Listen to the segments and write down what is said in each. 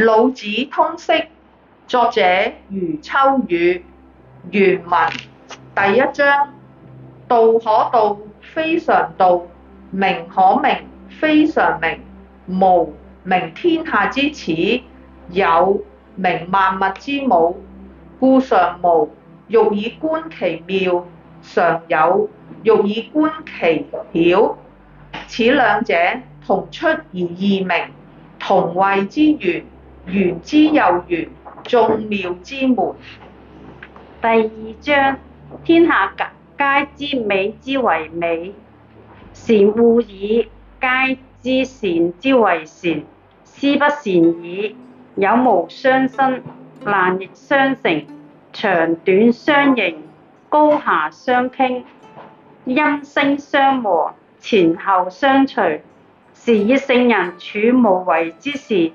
《老子通釋》，作者余秋雨，原文第一章：道可道，非常道；名可名，非常名。無名，天下之始；有，名萬物之母。故常無，欲以觀其妙；常有，欲以觀其徼。此兩者，同出而異名，同謂之玄。玄之又玄，眾妙之門。第二章：天下皆知美之為美，善惡已；皆知善之為善，斯不善已。有無相生，難易相成，長短相形，高下相傾，音聲相和，前後相隨。是以聖人處無為之事。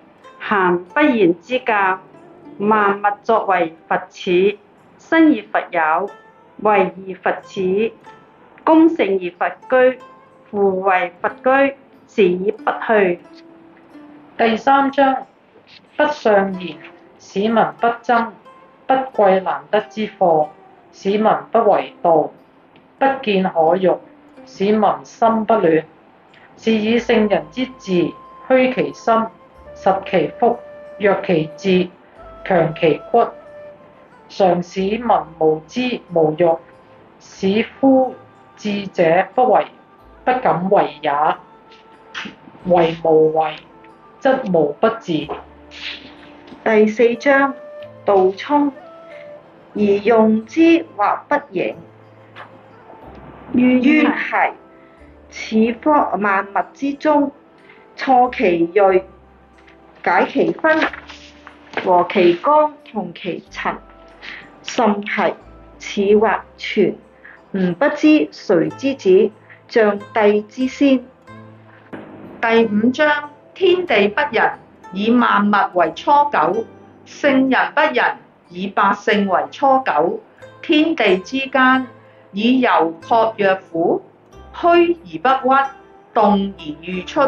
行不言之教，萬物作為弗始，生而弗有，為而弗恃，功成而弗居，夫唯弗居，是以不去。第三章：不尚賢，使民不爭；不貴難得之貨，使民不為盜；不見可欲，使民心不亂。是以聖人之治，虛其心。實其腹，弱其志，強其骨。常使民無知無欲，使夫智者不為，不敢為也。為無為，則無不治。第四章：道沖而用之，或不盈。裕於兮，似夫萬物之宗，挫其鋭，解其分，和其光，同其塵，甚兮，似或存。吾不知誰之子，象帝之先。第五章：天地不仁，以萬物為芻狗。聖人不仁，以百姓為芻狗。天地之間，以柔克若虎，虛而不屈，動而愈出，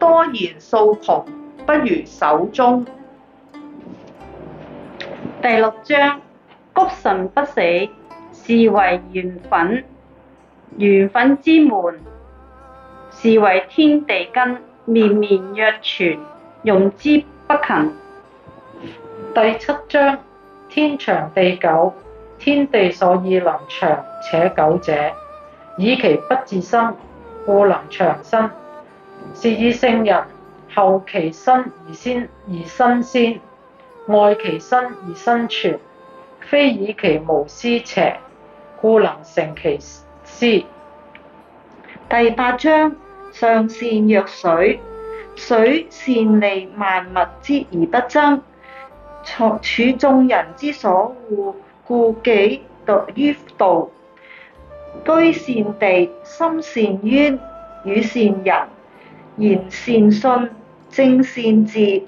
多言數窮。不如守中。第六章：谷神不死，是為玄牝。玄牝之門，是為天地根。綿綿若存，用之不勤。第七章：天長地久，天地所以能長且久者，以其不自生，故能長生。是以聖人後其身而先而身先，愛其身而身存，非以其無私邪？故能成其私。第八章：上善若水，水善利萬物之而不爭，處處眾人之所惡，故幾度於道。居善地，心善淵，與善人，言善信。正善治，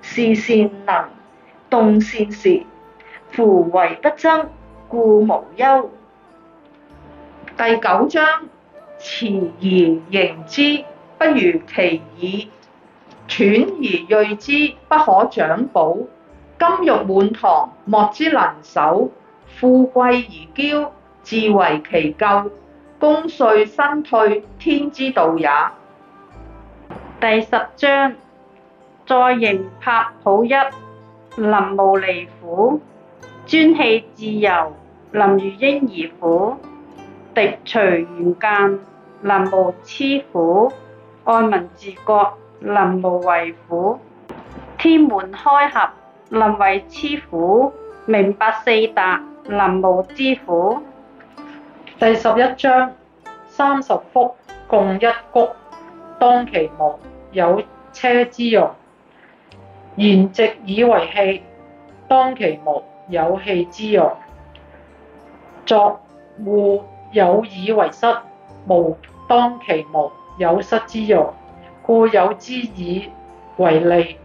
事善能，動善時。夫唯不爭，故無尤。第九章：持而盈之，不如其已；揣而銳之，不可長保。金玉滿堂，莫之能守；富貴而驕，自遺其咎。功遂身退，天之道也。第十章：載營魄抱一，能無離乎；專氣致柔，能如嬰兒乎；滌除玄覽，能無疵乎；愛民治國，能無為乎；天門開闔，能為雌乎；明白四達，能無知乎。第十一章：三十輻共一轂，當其無，有車之用，言直以為器；當其無，有器之用。作戶有以為室，無當其無，有室之用。故有之以為利，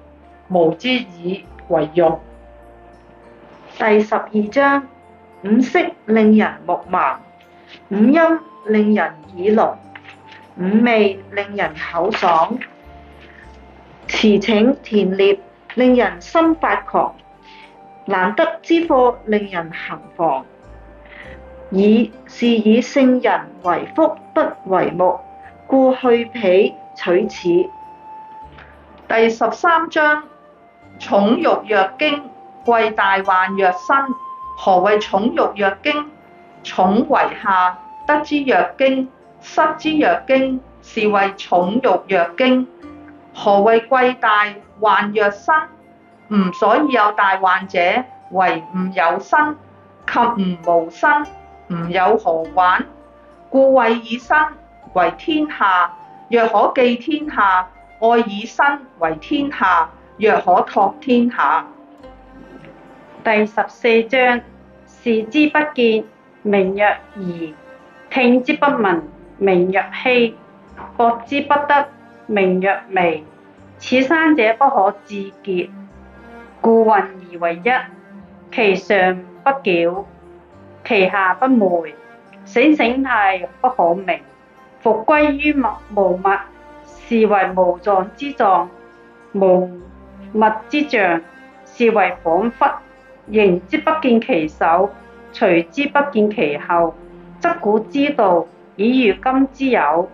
無之以為用。第十二章：五色令人目盲，五音令人耳聾，五味令人口爽。馳騁田獵，令人心發狂；難得之貨，令人行妨。以是以聖人為腹不為目，故去彼取此。第十三章：寵辱若驚，貴大患若身。何謂寵辱若驚？寵為下，得之若驚，失之若驚，是謂寵辱若驚。何謂貴大患若身？吾所以有大患者，為吾有身；及吾無身，吾有何患？故貴以身為天下，若可寄天下；愛以身為天下，若可託天下。第十四章：視之不見，名曰夷；聽之不聞，名曰希；博之不得。明曰微，此三者不可致詰，故混而為一。其上不矯，其下不昧。醒醒態不可名，復歸於物無物，是為無狀之狀，無物之象，是為恍惚。迎之不見其首，隨之不見其後。執古之道，以如今之有。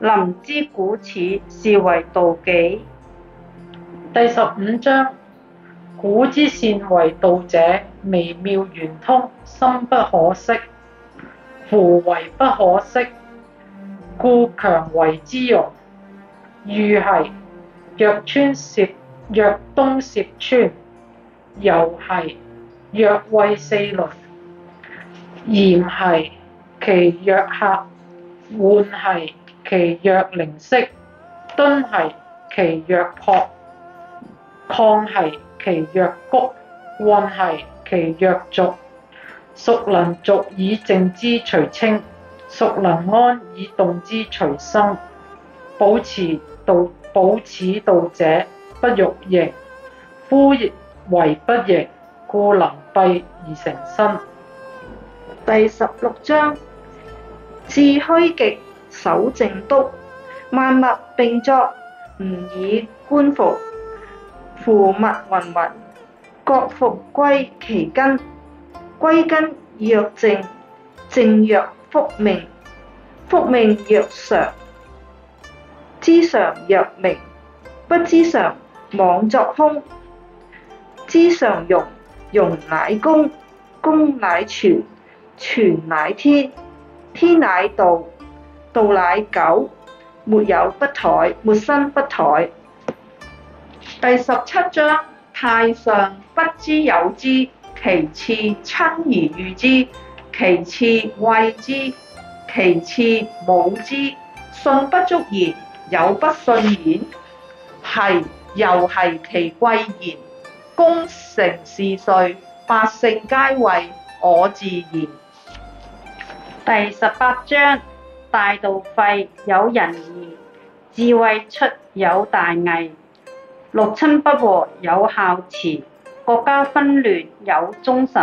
林之古始，是為道紀。第十五章：古之善為道者，微妙玄通，深不可識。夫為不可識，故強為之容。豫係若川涉，若東涉川；又系若畏四鄰，嚴系其若客，渙係。其若凝色，敦兮；其若樸，曠兮；其若谷，混兮；其若濁，孰能濁以靜之徐清？孰能安以動之徐生？保持道，保此道者，不欲盈。夫唯不盈，故能蔽而成身。第十六章：自虛極。守靜篤，萬物並作，吾以觀復。夫物雲雲，各復歸其根。歸根若靜，靜若復命，復命若常。知常若明，不知常，妄作凶。知常容，容乃公，公乃全，全乃天，天乃道。道乃久，沒有不殆，沒身不殆。第十七章：太上不知有之，其次親而譽之，其次畏之，其次侮之。信不足焉，有不信焉。係又係其貴言，功成事遂，百姓皆謂我自然。第十八章。大道廢，有仁義；智慧出，有大偽；六親不和，有孝慈；國家昏亂，有忠臣。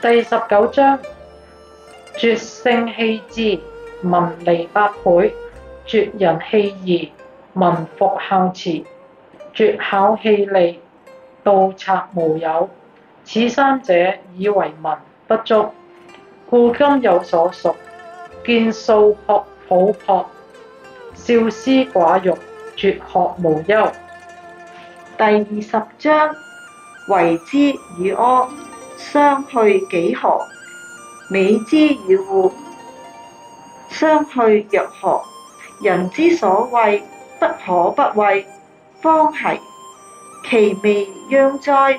第十九章：絕聖棄智，民利百倍；絕仁棄義，民復孝慈；絕巧棄利，盜賊無有。此三者，以為文不足，故今有所屬。見素朴，朴素，少私寡欲，絕學無憂。第二十章：為之與阿，相去幾何？美之與惡，相去若何？人之所謂不可不畏，方兮其未央哉！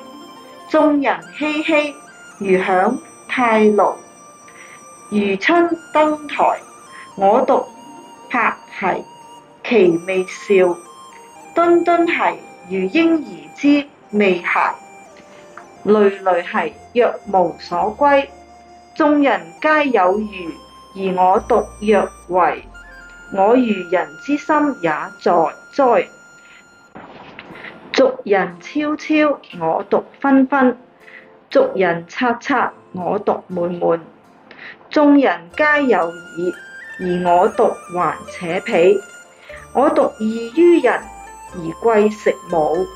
眾人熙熙，如享太牢。如春登台，我獨泊兮其未兆。敦敦兮，如嬰兒之未孩，累累兮，若無所歸。眾人皆有餘，而我獨若為。我愚人之心也在哉？俗人悄悄，我獨紛紛；俗人察察，我獨滿滿。眾人皆有以，而我獨頑且鄙。我獨異於人，而貴食母。